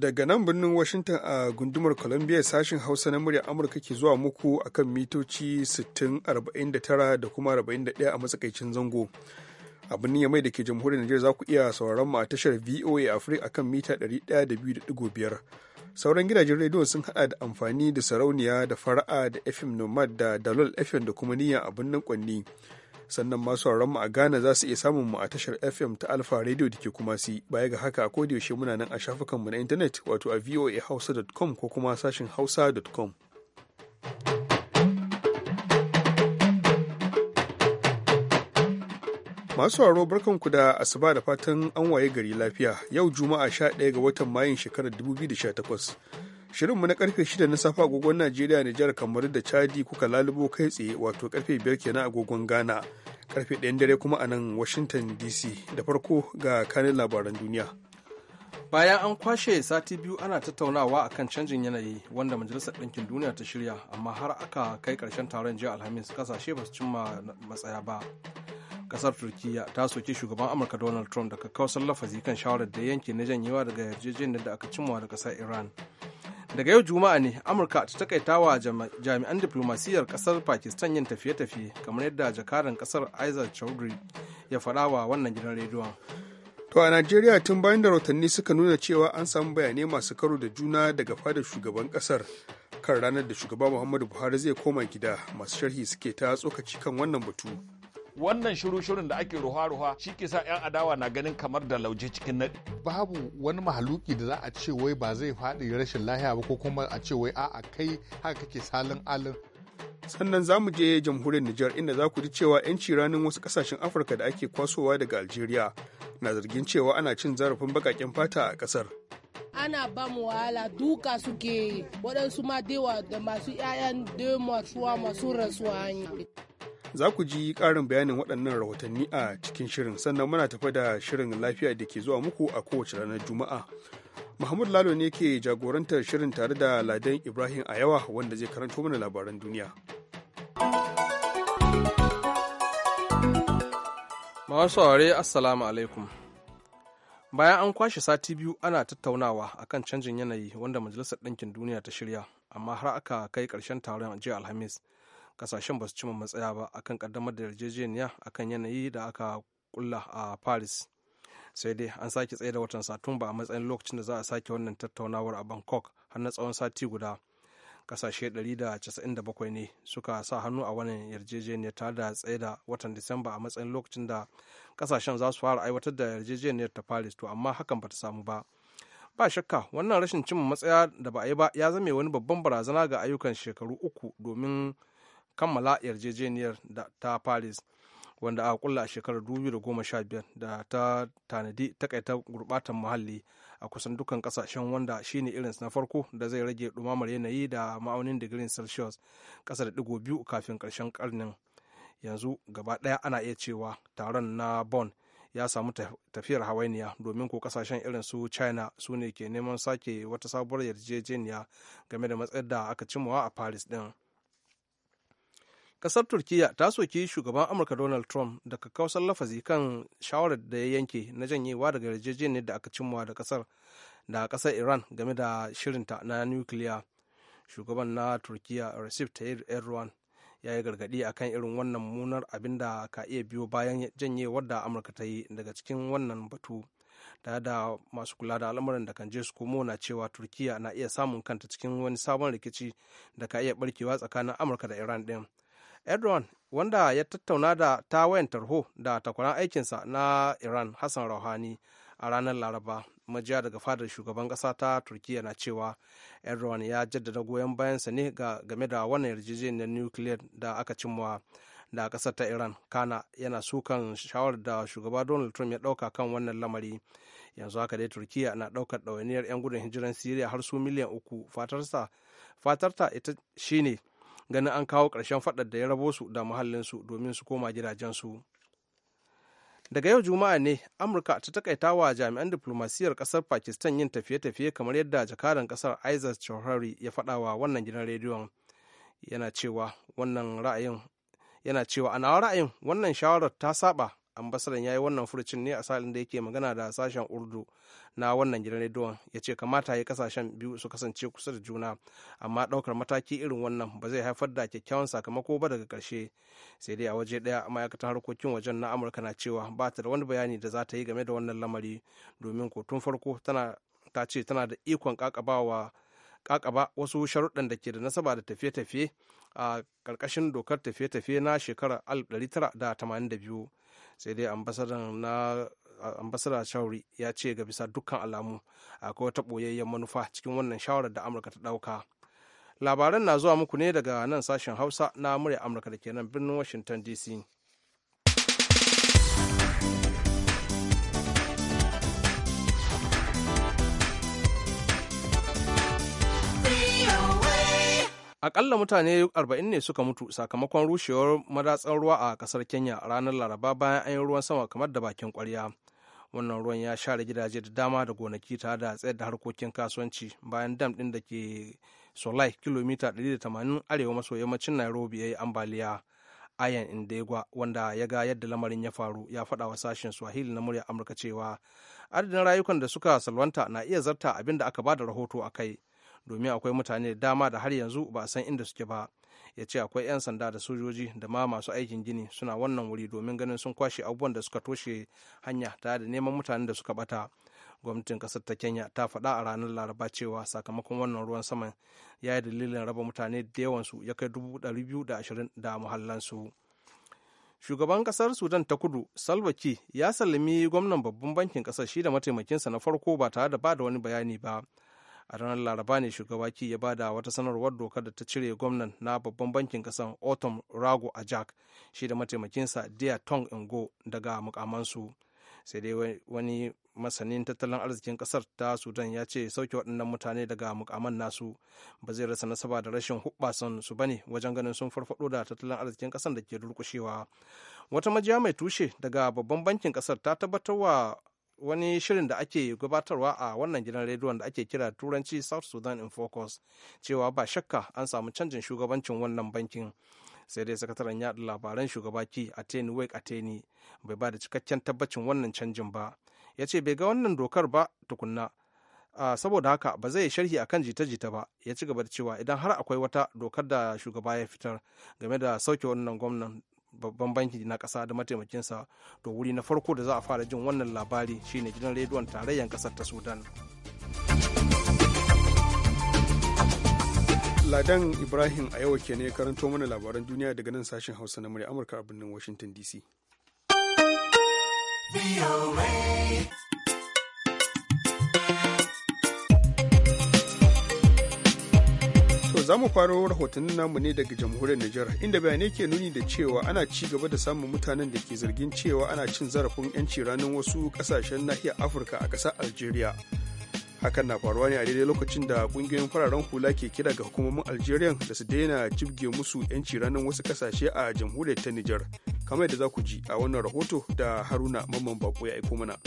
daga nan birnin Washington a gundumar Columbia sashin Hausa na murya Amurka ke zuwa muku akan mitoci 6049 da kuma 41 a matsakaicin zango. A birnin Yamai da ke jamhuriyar Najeriya za ku iya sauraron mu a tashar VOA Africa akan mita 102.5. Sauran gidajen rediyon sun hada da amfani da sarauniya da fara'a da FM Nomad da Dalol FM da kuma niyya a birnin Kwanni. sannan masu mu a Ghana za su iya samun mu a tashar FM ta Alpha Radio da ke kuma si baya ga haka ko da yaushe muna nan a shafukanmu na intanet wato a voahausa.com ko kuma sashin hausa.com. masu barkan ku da asuba da fatan an waye gari lafiya yau juma'a 11 ga watan mayun shekarar 2018 shirinmu na karfe 6 na safa agogon najeriya nijar kamar da chadi kuka lalubo kai tsaye wato karfe 5 kenan agogon ghana karfe 1 dare kuma a nan washington dc da farko ga kanin labaran duniya bayan an kwashe sati biyu ana tattaunawa akan canjin yanayi wanda majalisar ɗinkin duniya ta shirya amma har aka kai karshen taron jiya alhamis kasashe ba su cimma matsaya ba kasar turkiya ta soki shugaban amurka donald trump daga kawasan lafazi kan shawarar da yanke na janyewa daga yarjejeniyar da aka cimma da kasar iran daga yau juma'a ne amurka ta takaita wa jami'an diplomasiyyar kasar pakistan yin tafiye-tafiye kamar yadda jakaran kasar isaac chowdhury ya faɗa wa wannan gidan rediyon to a najeriya tun bayan da rahotanni suka nuna cewa an samu bayanai masu karo da juna daga fadar shugaban kasar kan ranar da shugaba muhammadu buhari zai koma gida masu sharhi suke ta tsokaci kan wannan batu wannan shiru-shirun da ake ruwa-ruwa shi ke sa 'yan adawa na ganin kamar da lauje cikin naɗi. babu wani mahaluki da za a ce wai ba zai faɗi rashin lahiya ba ko kuma a ce wai a'a kai haka kake salin alin sannan za mu je jamhuriyar Nijar inda za ku ji cewa 'yanci ranar wasu kasashen Afirka da ake kwasowa daga Algeria na zargin cewa ana cin zarafin bakaƙen fata a ƙasar. Ana ba mu wahala duka suke waɗansu ma dewa da masu 'ya'yan da masu rasuwa hanyar. za ku ji ƙarin bayanin waɗannan rahotanni a cikin shirin sannan muna tafa da shirin lafiya da ke zuwa muku a kowace ranar juma'a mahmud lalo ne ke jagorantar shirin tare da ladan ibrahim a yawa, wanda zai karanto mana labaran duniya masu saurare assalamu alaikum bayan an kwashe sati biyu ana tattaunawa akan canjin yanayi wanda majalisar ɗinkin duniya ta shirya amma har aka kai ƙarshen taron jiya alhamis kasashen ba su cima matsaya ba akan kaddamar da yarjejeniya akan yanayi da aka kulla a paris sai dai an sake tsaye da watan satumba a matsayin lokacin da za a sake wannan tattaunawar a bangkok har na tsawon sati guda kasashe 197 ne suka sa hannu a wannan yarjejeniyar ta da tsaye da watan disamba a matsayin lokacin da kasashen za su fara aiwatar da yarjejeniyar ta paris to amma hakan ba ta samu ba ba shakka wannan rashin cimma matsaya da ba a yi ba ya zame wani babban barazana ga ayyukan shekaru uku domin kammala yarjejeniyar ta paris wanda aka kulla a shekarar 2015 da ta tanadi takaita gurbatan muhalli a kusan dukkan kasashen wanda shine irin na farko da zai rage dumamar yanayi da ma'aunin digirin celsius kasa da digo biyu kafin karshen karnin yanzu gaba daya ana iya cewa taron na bon ya samu tafiyar hawainiya domin ko kasashen irin su china su ne ke neman sake wata sabuwar yarjejeniya game da matsayar da aka cimawa a paris din kasar turkiya ta soki shugaban amurka donald trump da kakkausar lafazi kan shawarar da ya yanke na janyewa daga yarjejeniyar da aka cimma da kasar da kasar iran game da shirinta na nukiliya shugaban na turkiya recep tayyip erdogan ya yi gargadi a kan irin wannan munar abin da ka iya biyo bayan janyewar da amurka ta yi daga cikin wannan batu da da masu kula da al'amuran da kan je su komo na cewa turkiya na iya samun kanta cikin wani sabon rikici da ka iya barkewa tsakanin amurka da iran din erdogan wanda ya tattauna da ta tarho da takwaran aikinsa na iran hassan rouhani a ranar laraba majiya daga fadar shugaban kasa ta turkiya na cewa erdogan ya jaddada goyon bayansa ne ga game da wannan yarjejeniyar nukiliyar da aka cimma da kasar ta iran kana yana sukan shawarar da shugaba donald trump ya dauka kan wannan lamari yanzu haka dai turkiyya na daukar dawainiyar 'yan gudun hijiran siriya har su miliyan uku fatarta ita shine ganin an kawo ƙarshen faɗar da ya rabo su da muhallinsu domin su koma gidajensu daga yau juma'a ne amurka ta takaita wa jami'an diflomasiyyar ƙasar pakistan yin tafiye-tafiye kamar yadda jakadan ƙasar isaac chowhari ya faɗa wa wannan gidan rediyon yana cewa wannan ra'ayin yana cewa a ra'ayin wannan shawarar ta saba ambasadan ya yi wannan furucin ne a salin da yake magana da sashen urdu na wannan gidan rediyon ya ce kamata ya kasashen biyu su kasance kusa da juna amma ɗaukar mataki irin wannan ba zai haifar da kyakkyawan sakamako ba daga karshe sai dai a waje daya ma'aikatan harkokin wajen na amurka na cewa ba ta da wani bayani da za ta yi game da wannan lamari domin ko tun farko tana ta ce tana da ikon kakaba wasu sharuɗan da ke da nasaba da tafiye-tafiye a ƙarƙashin dokar tafiye-tafiye na shekarar 1982 sai dai ambasadar na ambasada ya ce ga bisa dukkan alamu akwai wata ɓoyayyen manufa cikin wannan shawarar da amurka ta ɗauka labaran na zuwa muku ne daga nan sashen hausa na murya amurka da ke nan birnin washington dc Akalla mutane 40 ne suka mutu sakamakon rushewar madatsar ruwa a kasar Kenya ranar Laraba bayan an yi ruwan sama kamar da bakin kwarya. Wannan ruwan ya share gidaje da dama da gonaki tare da tsayar da harkokin kasuwanci bayan dam ɗin da ke Solai kilomita 180 arewa maso yammacin Nairobi ya yi ambaliya. Ayan Indegwa wanda ya ga yadda lamarin ya faru ya faɗa wa sashen Swahili na murya Amurka cewa adadin rayukan da suka salwanta na iya zarta abin da aka bada rahoto a kai. domin akwai mutane da dama da har yanzu ba a san inda suke ba ya ce akwai 'yan sanda da sojoji da ma masu aikin gini suna wannan wuri domin ganin sun kwashe abubuwan da suka toshe hanya tare da neman mutanen da suka bata gwamnatin kasar ta kenya ta faɗa a ranar laraba cewa sakamakon wannan ruwan saman ya yi dalilin raba mutane da yawansu ya kai dubu ɗari biyu da ashirin da muhallansu shugaban kasar sudan ta kudu salva ya sallami gwamnan babban bankin kasar shi da mataimakinsa na farko ba tare da ba da wani bayani ba a ranar laraba ne shugaba ki ya bada wata sanarwar dokar da ta cire gwamnan na babban bankin kasan otom rago a jack shi da mataimakinsa dia tong ingo daga mukamansu sai dai wani masanin tattalin arzikin kasar ta sudan ya ce sauke waɗannan mutane daga mukaman nasu ba zai rasa nasaba da rashin hubbasan su bane wajen ganin sun farfaɗo da tattalin arzikin kasar da ke durkushewa wata majiya mai tushe daga babban bankin kasar ta tabbatar wa wani shirin da ake gabatarwa a wannan gidan rediyon da ake kira turanci south sudan in focus cewa ba shakka an samu canjin shugabancin wannan bankin sai dai sakataren yaɗa labaran shugaba ki ateni wake ateni bai ba da cikakken tabbacin wannan canjin ba ya ce bai ga wannan dokar ba tukunna Uh, saboda haka ba zai sharhi akan jita-jita ba ya ci gaba da cewa idan har akwai wata dokar da shugaba ya fitar game da sauke wannan gwamnan babban banki na kasa da mataimakinsa to wuri na farko da za a fara jin wannan labari shine gidan rediyon tarayyan kasar ta sudan ladan ibrahim a yau ke ne karanto mana labaran duniya daga nan sashen hausa na murya amurka a birnin washington dc Za mu faro rahotannin namu ne daga jamhuriyar Nijar inda bayanai ke nuni da cewa ana ci gaba da samun mutanen da ke zargin cewa ana cin zarafin 'yanci ranar wasu kasashen nahiyar Afirka a ƙasar Algeria. Hakan na faruwa ne a daidai lokacin da ƙungiyoyin fararen hula ke kira ga hukumomin Algeria da su daina jibge musu 'yanci ranar wasu kasashe a jamhuriyar ta Nijar. Kamar yadda za ku ji a wannan rahoto da Haruna Mamman Bako ya aiko mana.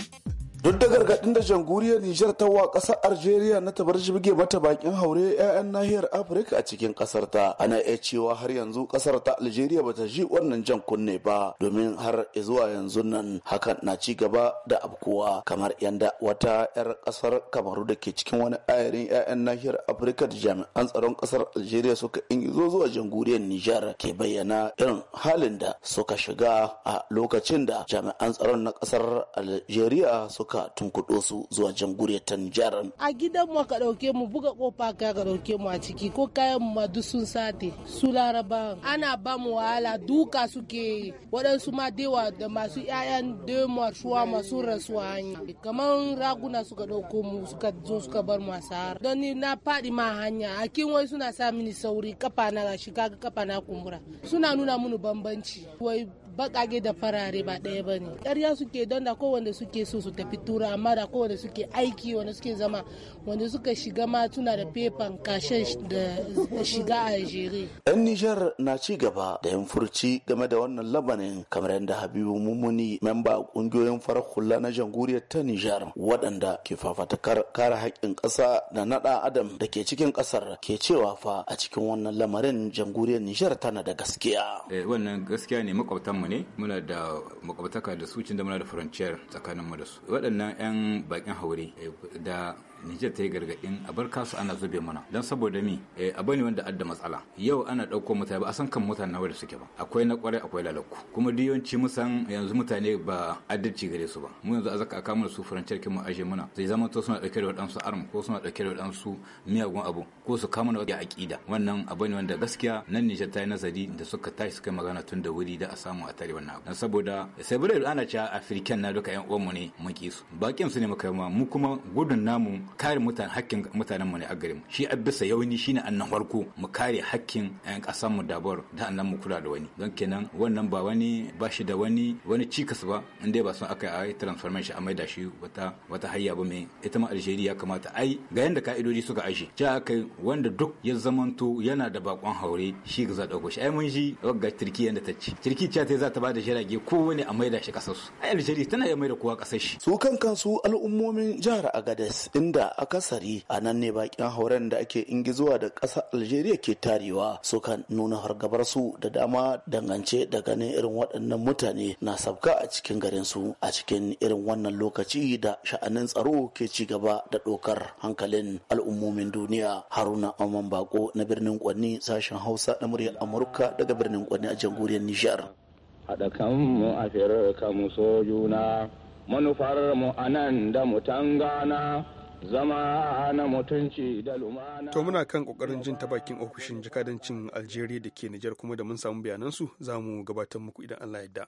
duk da gargaɗin da jamhuriyar nijar ta wa ƙasar algeria na tabar jibge mata bakin haure 'ya'yan nahiyar afirka a cikin ƙasar ta ana iya cewa har yanzu ƙasar ta algeria bata ji wannan jan kunne ba domin har zuwa yanzu nan hakan na ci gaba da abkuwa kamar yanda wata 'yar ƙasar kamaru da ke cikin wani ayarin 'ya'yan nahiyar afirka da jami'an tsaron ƙasar algeria suka zo zuwa jamhuriyar nijar ke bayyana irin halin da suka shiga a lokacin da jami'an tsaron na ƙasar algeria suka suka tunkuɗo su zuwa jamhuriyar ta Nijar. A gidan mu ka ɗauke mu buga kofa ka ka ɗauke mu a ciki ko kayan mu ma duk sun sate su laraba ana ba mu wahala duka suke waɗansu ma dewa da masu ƴaƴan demo shuwa masu rasuwa hanya kamar raguna suka ɗauko mu suka zo suka bar mu a don ni na faɗi ma hanya a kin wai suna sa mini sauri kafa na shi kaga kafa na kumbura suna nuna mini bambanci wai bakage da farare ba daya ba ne ƙarya suke don da kowanne suke so su tafi tura amma da kowanne suke aiki wanda suke zama wanda suka shiga ma tuna da fefan kashen da shiga a jere. yan nijar na ci gaba da yin furci game da wannan labanin kamar yadda habibu mummuni memba ƙungiyoyin farar hula na jamhuriyar ta nijar waɗanda ke fafatakar kare haƙƙin ƙasa da naɗa adam da ke cikin ƙasar ke cewa fa a cikin wannan lamarin jamhuriyar nijar tana da gaskiya. Eh, wannan gaskiya ne makwabtan mu ne muna da makwabtaka da su cin da muna da frontier tsakanin mu da su waɗannan 'yan bakin haure eh, da Nijar ta yi gargaɗin a bar kasu ana zube mana don saboda mi eh, a bani wanda adda matsala yau ana ɗauko mutane ba a san kan mutane nawa da suke ba akwai na kwarai akwai lalaku kuma duk yawanci musan yanzu mutane ba adalci gare su ba mu yanzu a zaka aka su furancin kin mu aje muna zai zama to suna ɗauke da waɗansu arm ko suna ɗauke da waɗansu miyagun abu ko su kama na aƙida wannan abu ne wanda gaskiya nan Nijar ta yi nazari da suka tashi suka magana tun da wuri da a samu a tare wannan abu saboda sai bude ana cewa afirkan na duka yan uwanmu ne mun su bakin su ne muka yi mu kuma gudun namu kare mutane hakkin mutanen mu ne a garin shi a bisa yauni shine annan farko mu kare hakkin yan kasan mu da bar da annan mu kula da wani don kenan wannan ba wani ba shi da wani wani cikas ba inda ba son aka yi transformation a da shi wata wata hayya ba mai ita ma Algeria kamata ai ga yanda ka'idoji suka aje ja kai wanda duk ya zamanto yana da bakon haure shi ga za dauko shi ai mun ji ga Turkiya da ta ci Turkiya ta za ta ba da jirage wani a maida shi kasar su ai Algeria tana iya maida kowa kasar shi su kan su al'ummomin jihar Agadez in da akasari a nan ne bakin hauren da ake ingizuwa da kasa algeria ke tarewa sukan nuna hargabar su da dama dangance da ganin irin waɗannan mutane na sabka a cikin garin su a cikin irin wannan lokaci da sha'anin tsaro ke ci gaba da ɗaukar hankalin al'ummomin duniya haruna aman bako na birnin kwanni sashen hausa na muryar amurka daga birnin kwanni a jamhuriyar nijar haɗa kanmu a mu so juna manufar mu anan da mu tangana zama na mutunci da lumana. To muna kan kokarin jin ta bakin ofishin jakadancin Algeria da ke Nijar kuma da mun samu bayanansu za mu gabatar muku idan Allah yarda.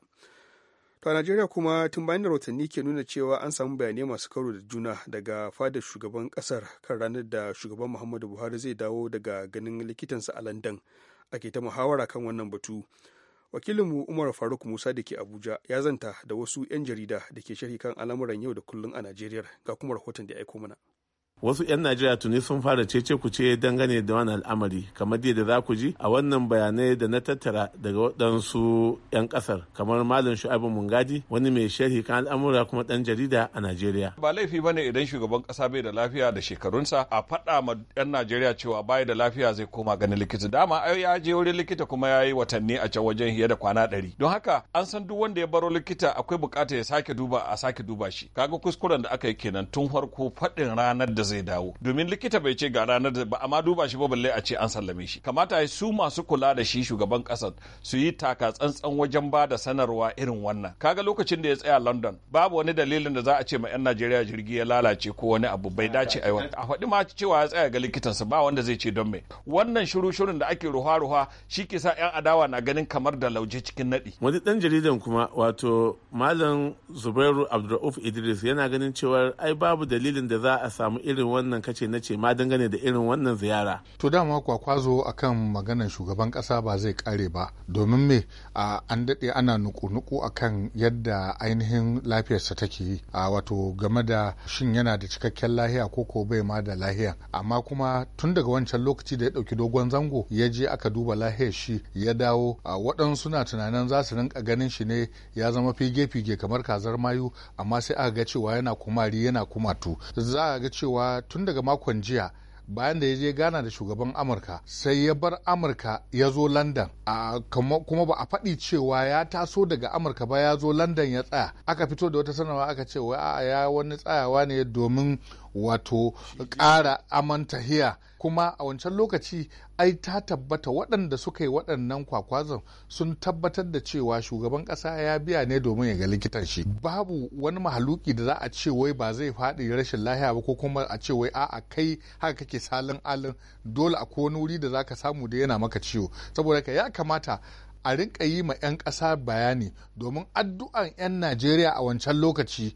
To a Najeriya kuma tun bayan da rahotanni ke nuna cewa an samu bayanai masu karo da juna daga fadar shugaban kasar kan ranar da shugaban Muhammadu Buhari zai dawo daga ganin likitansa a London ake ta muhawara kan wannan batu. wakilinmu umar faruk musa da ke abuja ya zanta da wasu 'yan jarida da ke sharhi kan al'amuran yau da kullum a najeriya ga kuma rahoton da ya aiko mana wasu 'yan najeriya tuni sun fara cece ku ce dangane da wani al'amari kamar da za ku ji a wannan bayanai da na tattara daga waɗansu 'yan kasar kamar malam shu'abu mungadi wani mai sharhi kan al'amura kuma ɗan jarida a najeriya ba laifi bane idan shugaban ƙasa bai da lafiya da shekarunsa a faɗa ma 'yan najeriya cewa bai da lafiya zai koma ganin likita dama ai ya je wurin likita kuma ya yi watanni a can wajen hira da kwana ɗari don haka an san duk wanda ya baro likita akwai buƙatar ya sake duba a sake duba shi kaga kuskuren da aka yi kenan tun farko faɗin ranar da zai zai dawo domin likita bai ce ga ranar da ba amma duba shi ba balle a ce an sallame shi kamata su masu kula da shi shugaban kasar su yi taka tsantsan wajen ba da sanarwa irin wannan kaga lokacin da ya tsaya London babu wani dalilin da za a ce ma yan Najeriya jirgi ya lalace ko wani abu bai dace a a faɗi ma cewa ya tsaya ga likitansa ba wanda zai ce don me wannan shiru shirun da ake ruwa-ruwa shi ke sa yan adawa na ganin kamar da lauje cikin naɗi wani dan jaridan kuma wato malam Zubairu Abdulrauf Idris yana ganin cewa ai babu dalilin da za a samu irin irin wannan kace na ce ma dangane da irin wannan ziyara. To dama kwakwazo kan maganar shugaban kasa ba zai kare ba domin me an daɗe ana nuku-nuku kan yadda ainihin lafiyarsa take yi a wato game da shin yana da cikakken lahiya ko ko bai ma da lahiya amma kuma tun daga wancan lokaci da ya ɗauki dogon zango ya je aka duba lahiyar shi ya dawo a waɗansu na tunanin za su rinka ganin shi ne ya zama fige-fige kamar kazar mayu amma sai aka ga cewa yana kumari yana kumatu za a ga cewa tun daga makon jiya bayan da ya je gana da shugaban amurka sai ya bar amurka ya zo london kuma ba a faɗi cewa ya taso daga amurka ba ya zo london ya tsaya aka fito da wata sanarwa aka ce wa ya wani tsayawa ne domin wato ƙara amantahiya kuma a wancan lokaci ai ta tabbata waɗanda suka yi waɗannan kwakwazon sun tabbatar da cewa shugaban ƙasa ya biya ne domin ya ga likitan shi babu wani mahaluki da za a ce wai ba zai faɗi rashin lahiya ba ko kuma a ce wai a'a kai haka kake salin alin dole a wani wuri da zaka samu da yana maka ciwo saboda ka ya kamata a rinka yi ma 'yan ƙasa bayani domin addu'an 'yan najeriya a wancan lokaci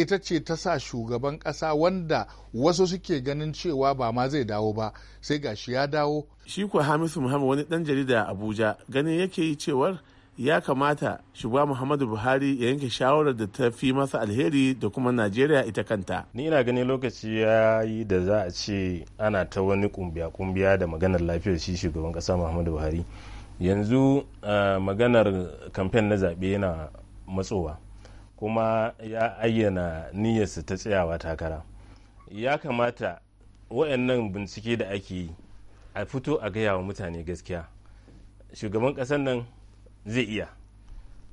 ita ce ta sa shugaban ƙasa wanda wasu suke ganin cewa ba ma zai dawo ba sai ga shi ya dawo shi ko hamisu muhammad wani ɗan jarida abuja ganin yake yi cewar ya kamata shugaba muhammadu buhari ya yanke shawarar da ta fi masa alheri da kuma najeriya ita kanta ni ina ganin lokaci ya yi da za a ce ana ta wani kumbiya-kumbiya da maganar lafiyar shi shugaban kasa muhammadu buhari yanzu eh, maganar kamfen na zaɓe yana matsowa kuma ya ayyana niyyarsa ta tsayawa takara ya kamata wayannan bincike da ake yi a fito a gaya wa mutane gaskiya shugaban ƙasar nan zai iya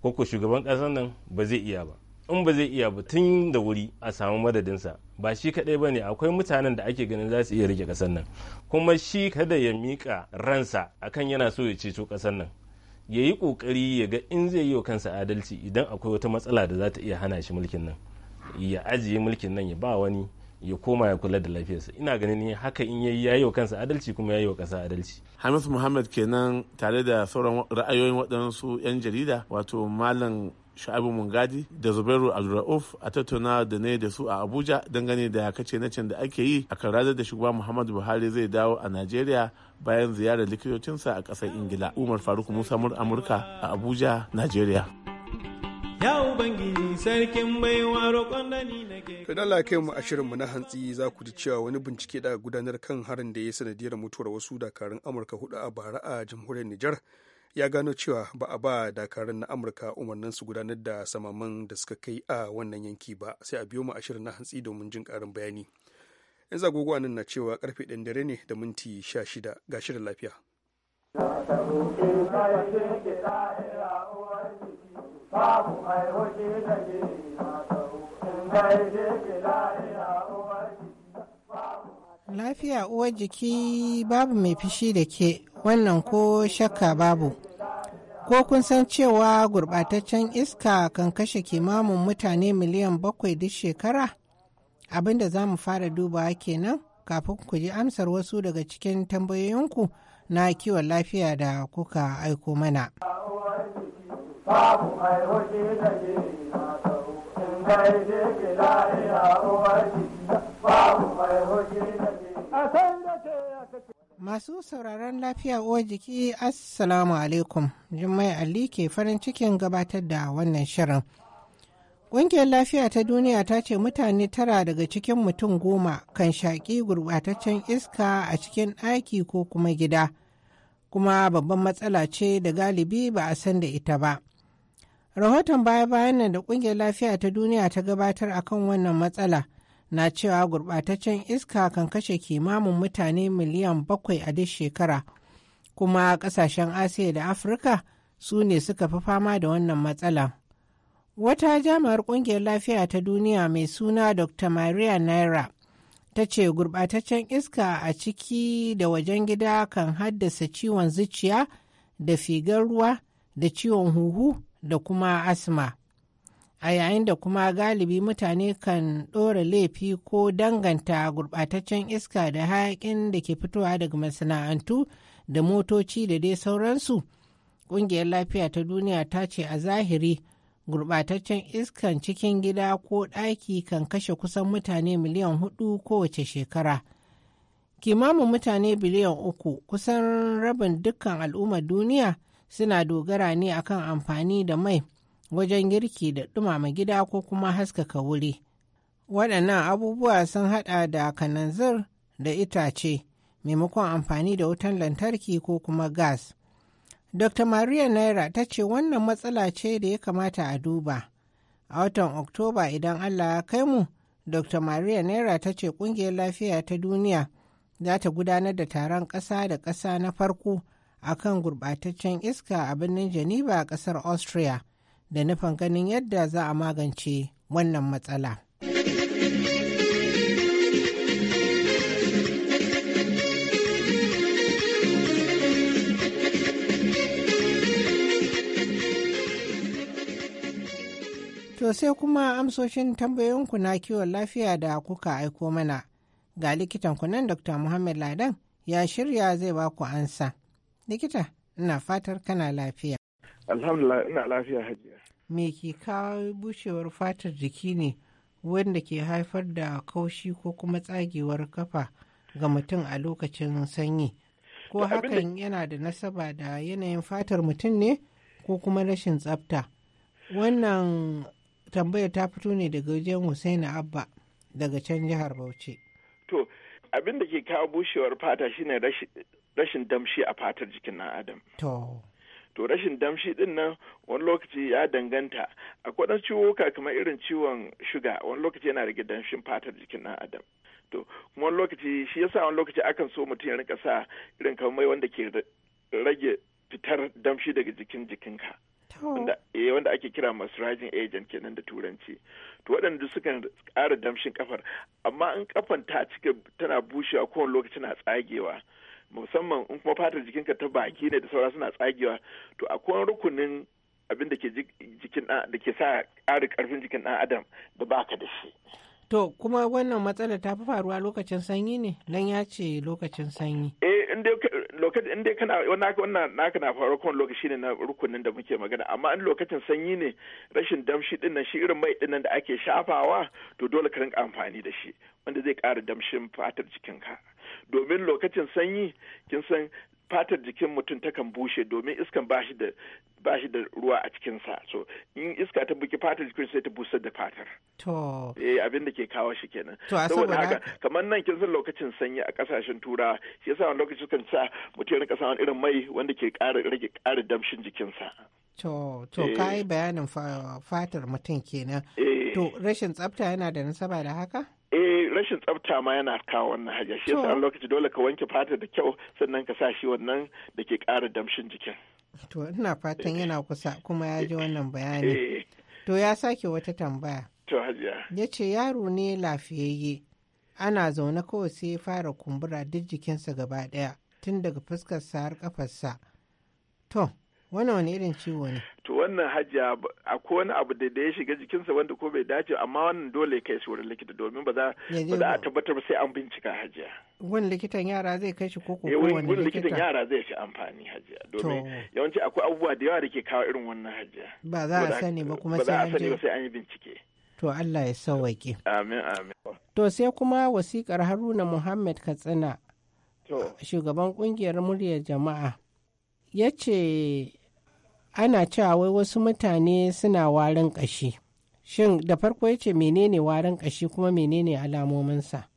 ko shugaban ƙasar nan ba zai iya ba in ba zai iya ba tun da wuri a samu madadinsa ba shi kaɗai ba ne akwai mutanen da ake ganin za su iya rike kasar nan kuma shi kada ya mika ransa akan yana so ya ceto kasar nan ya yi ƙoƙari ya ga in zai yi wa kansa adalci idan akwai wata matsala da za ta iya hana shi mulkin nan ya ajiye mulkin nan ya ba wani ya koma ya kula da lafiyarsa ina ganin ne haka in ya yayi yayi wa kansa adalci kuma ya yi wa kasa adalci hamis Muhammad kenan tare da sauran ra'ayoyin waɗansu 'yan jarida wato malam sha'abu mungadi da zubairu alra'uf a tattauna da ne da su a abuja dangane da kace na can da ake yi a kan da shugaba muhammadu buhari zai dawo a najeriya bayan ziyarar likitocinsa a kasar ingila umar faruk musa mur amurka a abuja najeriya Ya sarkin baiwa da kai mu ashirin mu na hantsi za ku ji cewa wani bincike da gudanar kan harin da ya sanadiyar mutuwar wasu dakarun Amurka hudu a bara a jamhuriyar Nijar ya gano cewa ba a ba dakarun na amurka umarnin su gudanar da samaman da suka kai a wannan yanki ba sai a biyo mu ashirin na hantsi domin jin karin bayani yan zagogo nan na cewa karfe ɗan dare ne da minti sha shida ga shirin lafiya lafiya uwar jiki babu mai fishi da ke wannan ko shakka babu ko kun san cewa gurbataccen iska kan kashe kimamin mutane miliyan bakwai duk shekara abinda za mu fara dubawa kenan kafin ku ji amsar wasu daga cikin tambayoyinku na kiwon lafiya da kuka aiko mana. Masu sauraron lafiya uwar jiki Assalamu alaikum. Jummai Ali ke farin cikin gabatar da wannan shirin. Ƙungiyar lafiya ta duniya ta ce mutane tara daga cikin mutum goma kan shaƙi gurbataccen iska a cikin ɗaki ko kuma gida, kuma babban matsala ce da galibi ba a san da ita ba. Rahoton baya-bayan nan da ƙungiyar lafiya ta duniya ta gabatar akan wannan matsala. na cewa gurbataccen iska kan kashe kimamin mutane miliyan bakwai a duk shekara kuma ƙasashen asiya da afirka su ne suka fi fama da wannan matsala wata jami'ar ƙungiyar lafiya ta duniya mai suna dr maria naira ta ce gurbataccen iska a ciki da wajen gida kan haddasa ciwon zuciya da figar ruwa da ciwon huhu da kuma asma. a yayin da kuma galibi mutane kan ɗora laifi ko danganta gurɓataccen iska da hayakin da ke fitowa daga masana'antu da motoci da dai sauransu ƙungiyar lafiya ta duniya ta ce a zahiri gurɓataccen iskan cikin gida ko ɗaki kan kashe kusan mutane miliyan hudu kowace shekara kimamin mutane biliyan uku kusan rabin dukkan al'ummar duniya suna dogara ne akan amfani da mai wajen girki da dumama gida ko kuma haskaka wuri. Waɗannan abubuwa sun haɗa da kananzir da itace maimakon amfani da wutan lantarki ko kuma gas. Dr. Maria Naira ta ce wannan matsala ce da ya kamata a duba. A watan Oktoba idan Allah ya kai mu, Dr. Maria Naira ta ce ƙungiyar lafiya ta duniya za ta gudanar da taron ƙasa da ƙasa na farko a kan gurɓataccen iska a birnin Geneva a ƙasar Austria. da nufin ganin yadda za a magance wannan matsala. To sai kuma amsoshin tambayoyinku na kiwon lafiya da kuka aiko mana. Ga likitan kunan Dr. Muhammad Ladan ya shirya zai ba ku ansa. Likita, ina fatar kana lafiya. Alhamdulillah ina lafiya hajiya. Mai ke kawo bushewar fatar jiki ne wanda ke haifar da kaushi ko kuma tsagewar kafa ga mutum a lokacin sanyi ko hakan yana da nasaba da yanayin fatar mutum ne ko kuma rashin tsafta wannan tambayar ta fito ne daga wajen Husaini Abba daga can jihar Bauchi. To, abin da ke kawo bushewar fata shine rashin damshi a fatar jikin ɗan Adam. to rashin damshi din nan wani lokaci ya danganta akwai ciwo ka kamar irin ciwon shuga wani lokaci yana rage damshin fatar jikin ɗan adam to wani lokaci shi yasa wani lokaci akan so mutum ya rinka sa irin kamar mai wanda ke rage fitar damshi daga jikin jikinka eh, wanda ake kira moisturizing agent kenan da turanci to waɗanda sukan kara damshin kafar amma in kafan ta cika tana bushewa kowane lokaci na tsagewa musamman in kuma fatar jikinka ta baki ne da saura suna tsagewa to akwai rukunin abin da ke jikin da ke sa ƙari ƙarfin jikin ɗan adam da baka da shi to kuma wannan matsalar ta fi faruwa lokacin sanyi ne dan ya ce lokacin sanyi eh in dai lokacin kana wannan naka na faruwa kuma lokaci ne na rukunin da muke magana amma in lokacin sanyi ne rashin damshi din shi irin mai din da ake shafawa to dole ka rinka amfani da shi wanda zai ƙara damshin fatar jikinka domin lokacin sanyi kin san fatar jikin mutum takan bushe domin iskan ba da da ruwa a cikinsa so in iska ta buki fatar jikin sai ta busar da fatar to eh abin da ke kawo shi kenan saboda haka kamar nan kin san lokacin sanyi a kasashen tura shi yasa wani lokaci kan sa mutum ya kasa irin mai wanda ke ƙara rage ƙara damshin jikinsa to to kai eh. bayanin fatar mutum kenan eh. to rashin tsafta yana da nasaba da haka eh rashin tsafta ma yana kawo wannan hajiya shi yasa lokaci dole ka wanke fata da kyau sannan ka sa shi wannan da ke ƙara damshin jikin to ina fatan yana kusa kuma ya ji wannan bayani eh. to ya sake wata tambaya to hajiya ya ce yaro ne lafiyayye ana zaune kawai sai ya fara kumbura duk jikinsa gaba ɗaya tun daga fuskarsa har kafarsa to wannan wani irin ciwo ne to wannan hajiya akwai wani abu da ya shiga jikinsa wanda ko bai dace amma wannan dole kai shi wurin likita domin ba za a tabbatar sai an bincika hajiya wani likitan yara zai kai shi koko ko eh, wani likita likitan yara zai shi amfani hajiya domin yawanci akwai abubuwa da yawa da ke kawo irin wannan hajiya ba za a sani ba kuma sai an yi bincike to Allah ya sauwaƙe amin amin to sai kuma wasikar Haruna Muhammad Katsina shugaban kungiyar muryar jama'a ya ce ana cewa wai wasu mutane suna warin ƙashi shin da farko ya ce menene warin ƙashi kuma menene alamominsa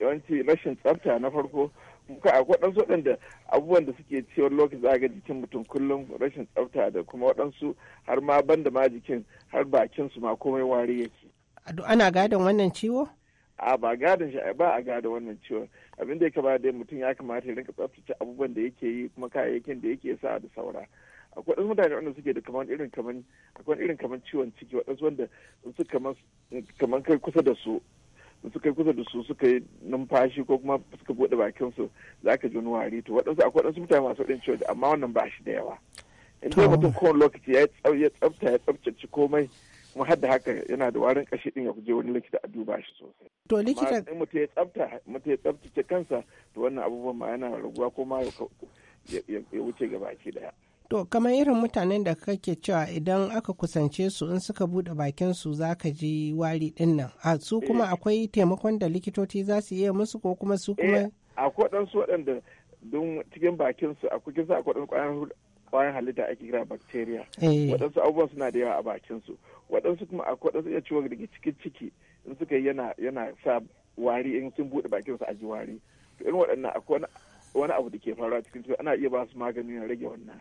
yawanci rashin tsafta na farko muka akwai waɗansu waɗanda abubuwan da suke ciwon lokaci za ga jikin mutum kullum rashin tsafta da kuma waɗansu har ma banda ma jikin har bakin su ma komai wari yake. Ana gadon wannan ciwo? A ba gadon shi ba a gadon wannan ciwon. Abin da ya kamata dai mutum ya kamata ya rinka tsaftace abubuwan da yake yi kuma kayayyakin da yake sa da saura. akwai wasu mutane wanda suke da kamar irin kamar akwai irin kamar ciwon ciki wadansu wanda su kamar kai kusa da su su kai kusa da su suka yi numfashi ko kuma suka bude bakin su za ka ji wani wari to wadansu akwai wasu mutane masu ɗin ciwon amma wannan ba shi da yawa in dai mutum kowane lokaci ya tsafta ya tsabtace komai kuma hadda haka yana da warin kashi din ya kuje wani likita a duba shi sosai to likita in mutum ya tsabta mutum ya tsaftace kansa to wannan abubuwan ma yana raguwa ko ma ya wuce gabaki daya To, kamar irin mutanen da kake cewa idan aka kusance su in suka buɗe bakin su za ka ji wari ɗin nan. A su kuma eh. akwai taimakon da likitoci za su iya musu ko kuma su kuma? Eh, akwai ɗansu waɗanda don cikin bakin su akwai kisa akwai ɗan ƙwayar halitta ake kira bacteria. Eh. Waɗansu abubuwan suna da yawa a bakin su. Waɗansu kuma akwai ɗansu iya ciwon daga cikin ciki in suka yi yana yana sa wari in sun buɗe bakin su a ji wari. To irin waɗannan akwai wani abu da ke faruwa cikin ciki ana iya ba su magani na rage wannan.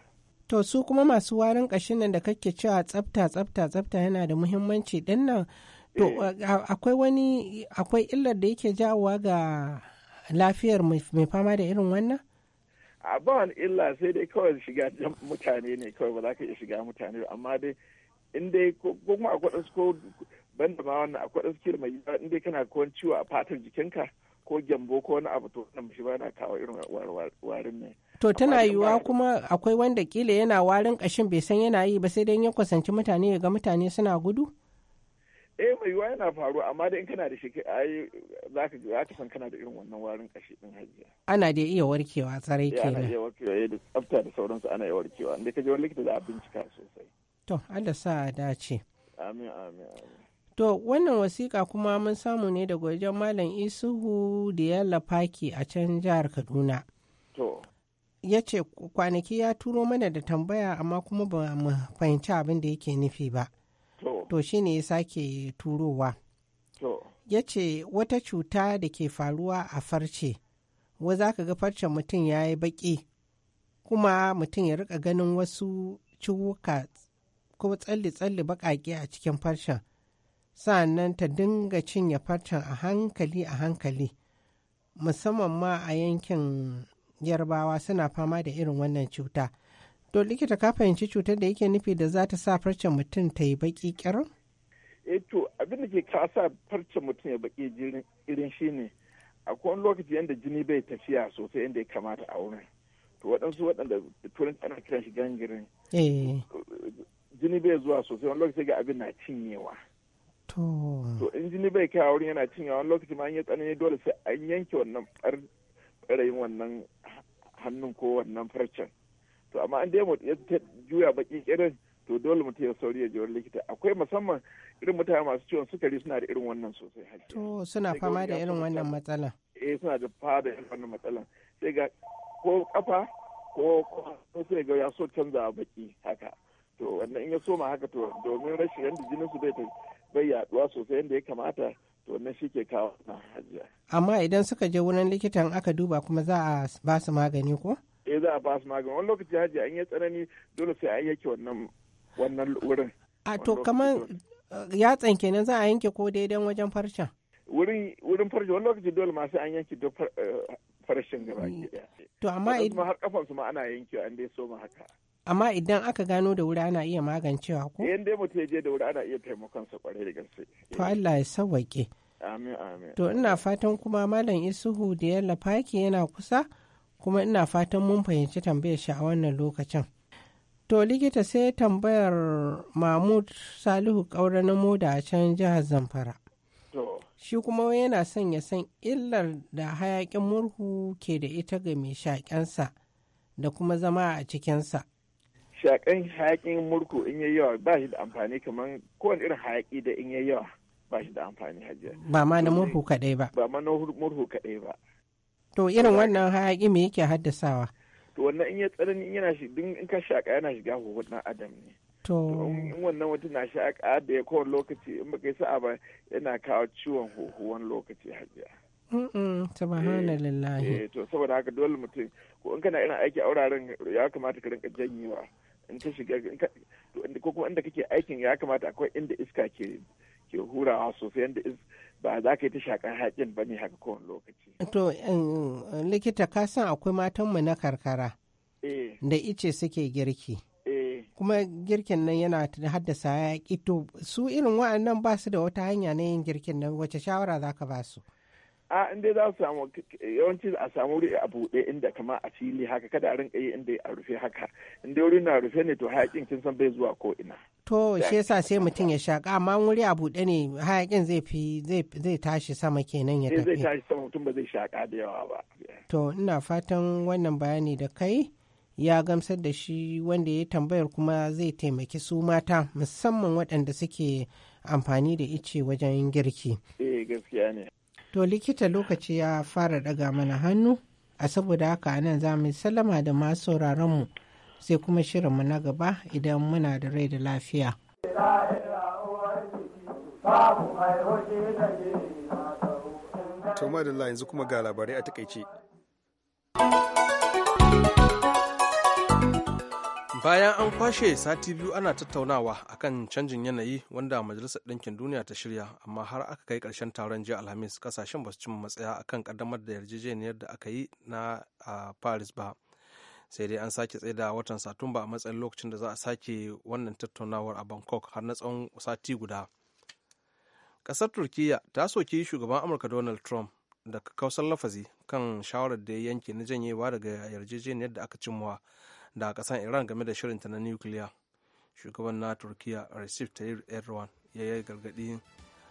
To su kuma masu warin ƙashin nan da kake cewa tsafta tsafta tsafta yana da muhimmanci din nan. To eh. akwai wani akwai illar da yake jawowa ga lafiyar mai fama da irin wannan? A ba wani illa sai dai kawai shiga mutane ne kawai ba za ka iya shiga mutane amma dai in dai ko kuma akwai ɗansu ko ban da ma wannan akwai ɗansu kira mai yiwuwa in dai kana kowan ciwo a fatar jikinka ko gyambo ko wani abu to wannan shi ba na kawo irin warin ne. To tana yiwuwa kuma akwai wanda kila yana warin kashin bai san yana yi ba sai dai ya kusanci mutane ya ga mutane suna gudu? Eh mai yiwuwa yana faru amma da in kana da shi ai za ka ga ka san kana da irin wannan warin kashi din hajiya. Ana da iya warkewa tsarai kenan. Ana iya warkewa eh, da tsafta da sauransu ana iya warkewa inda ka je wani likita za a bincika sosai. To Allah sa a dace. Amin amin amin. To wannan wasiƙa kuma mun samu ne daga wajen Malam Isuhu da Yalla Faki a can jihar Kaduna. To. ya ce kwanaki ya turo mana da tambaya amma kuma ba mu fahimci abin da yake nufi ba to shi ne ya sake turowa ya ce wata cuta da ke faruwa a farce wa za ka ga farcen mutum ya yi baƙi kuma mutum ya rika ganin wasu ciwuka ko tsalle-tsalle baƙaƙe a cikin farcen nan ta dinga cinye farcen a hankali a hankali musamman ma a yankin yarbawa suna fama da irin wannan cuta to likita ka fahimci cutar da yake nufi da za ta sa farcen mutum ta yi baki kyar eh to abin da ke ka sa farcen mutum ya baki irin shine akwai wani lokaci yadda jini bai tafiya sosai yadda ya kamata a wurin to waɗansu waɗanda turin ana kiran shi gangirin eh. jini bai zuwa sosai wani lokaci ga abin na cinyewa to in jini bai kai a wurin yana cinyewa wani lokaci ma an yi tsanani dole sai an yanke wannan yin wannan hannun ko wannan farcen to amma an dai ya juya baki irin to dole mutum ya sauri ya ji wani likita akwai musamman irin mutane masu ciwon sukari suna da irin wannan sosai to suna fama da irin wannan matsalan eh suna da fama da irin wannan matsalan sai ga ko kafa ko ko sai ga ya so canza baki haka to wannan in ya soma haka to domin rashin yadda jinin su bai bai yaduwa sosai yadda ya kamata to na shi ke kawo na hajiya. Amma idan suka je wurin likitan aka duba kuma za a ba su magani ko? Eh za a ba su magani wani lokaci hajiya an yi tsanani dole sai an yake wannan wannan wurin. A to kamar eh, tsanke kenan za a yanke ko daidan wajen farcen? Wurin wurin farcen wani lokaci dole ma sai an yanke duk farcen eh, gaba mm. ki To amma idan har kafan su ma ana yankewa an dai so ma haka. amma idan aka gano da wuri ana iya magancewa ko eh, in dai mutum ya je da wuri ana iya taimakon sa kwarai da gaske to eh. Allah ya sawwake amin amin to ina fatan kuma malam isuhu da yalla faki yana kusa kuma ina fatan mun fahimci tambayar shi a wannan lokacin to likita sai tambayar mahmud salihu kaura na moda a can jihar zamfara shi kuma yana son ya san illar da hayakin murhu ke da ita ga mai shaƙensa da kuma zama a cikinsa shakan hayakin murku in yi yawa ba shi da amfani kamar kowane irin hayaki da in yi yawa ba shi da amfani hajiya. Ba ma na murhu kaɗai ba. Ba ma na murhu kaɗai ba. To irin wannan hayaki me yake haddasawa? To wannan in ya tsanani yana shi din in ka shaka yana shiga huhun ɗan adam ne. To in wannan wata na shaka da ya kowane lokaci in baka yi sa'a ba yana kawo ciwon huhu wani lokaci hajiya. Subhanallah. Eh, eh to saboda haka dole mutum ko in kana irin aiki a wuraren ya kamata ka rinka janyewa. in ka shiga ko kuma inda kake aikin ya kamata akwai inda iska ke ke hurawa sosai inda ba za ka yi ta shakar haƙin ba ne haka kowane lokaci. To likita ka san akwai matanmu na karkara. Eh. Da ice suke girki. Eh. Kuma girkin nan yana haddasa ya to su irin wa'annan ba su da wata hanya na yin girkin nan wace shawara za ka ba su? a inda za su yawanci a samu wuri a buɗe inda kama a fili haka kada a rinka yi inda a rufe haka inda wuri na rufe ne to hayakin kin san bai zuwa ko ina to shi yasa sai mutum ya shaka amma wuri a buɗe ne hayakin zai fi zai tashi sama kenan ya eh, tafi zai tashi sama mutum ba zai shaka da yawa ba to ina fatan wannan bayani da kai ya gamsar da shi wanda ya tambayar kuma zai taimaki su mata musamman waɗanda suke amfani da ice wajen girki. Eh gaskiya ne. To likita lokaci ya fara daga mana hannu, a saboda haka nan za mu sallama da masu mu sai kuma shirinmu na gaba idan muna da rai da lafiya. To yanzu kuma ga labarai a takaice. bayan an kwashe sati biyu ana tattaunawa akan canjin yanayi wanda majalisar ɗinkin duniya ta shirya amma har aka kai ƙarshen taron jiya alhamis kasashen ba su cimma matsaya akan ƙaddamar da yarjejeniyar da aka yi na paris ba sai dai an sake tsaida watan satumba a matsayin lokacin da za a sake wannan tattaunawar a bangkok har na tsawon sati guda ƙasar turkiya ta soki shugaban amurka donald trump da kausar lafazi kan shawarar da ya yanke na janyewa daga yarjejeniyar da aka cimma da kasan iran game da shirinta na nukiliya shugaban na turkiya recep tayyip erdogan ya yi gargaɗi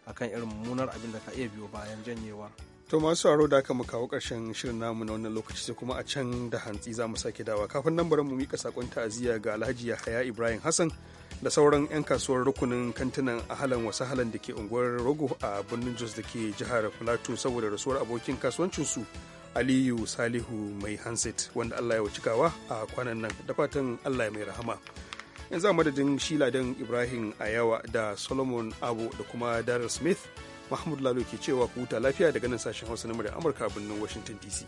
akan irin mummunar abin da ka iya biyo bayan janyewa. to masu aro da aka mu kawo ƙarshen shirin namu na wannan lokaci sai kuma a can da hantsi za mu sake dawa kafin nan bari mu mika sakon ta'aziyya ga alhaji yahaya ibrahim hassan da sauran 'yan kasuwar rukunin kantinan ahalan wasu halan da ke unguwar rogo a birnin jos da ke jihar plateau saboda rasuwar abokin kasuwancinsu su aliyu salihu mai hansit wanda allah ya wuce kawa a kwanan nan da fatan allah ya mai rahama yanzu a madadin shiladen ibrahim ayawa da solomon abu da kuma daryl smith mahmud lalo ke cewa ku huta lafiya daga nan sashen hausa na amurka birnin washington dc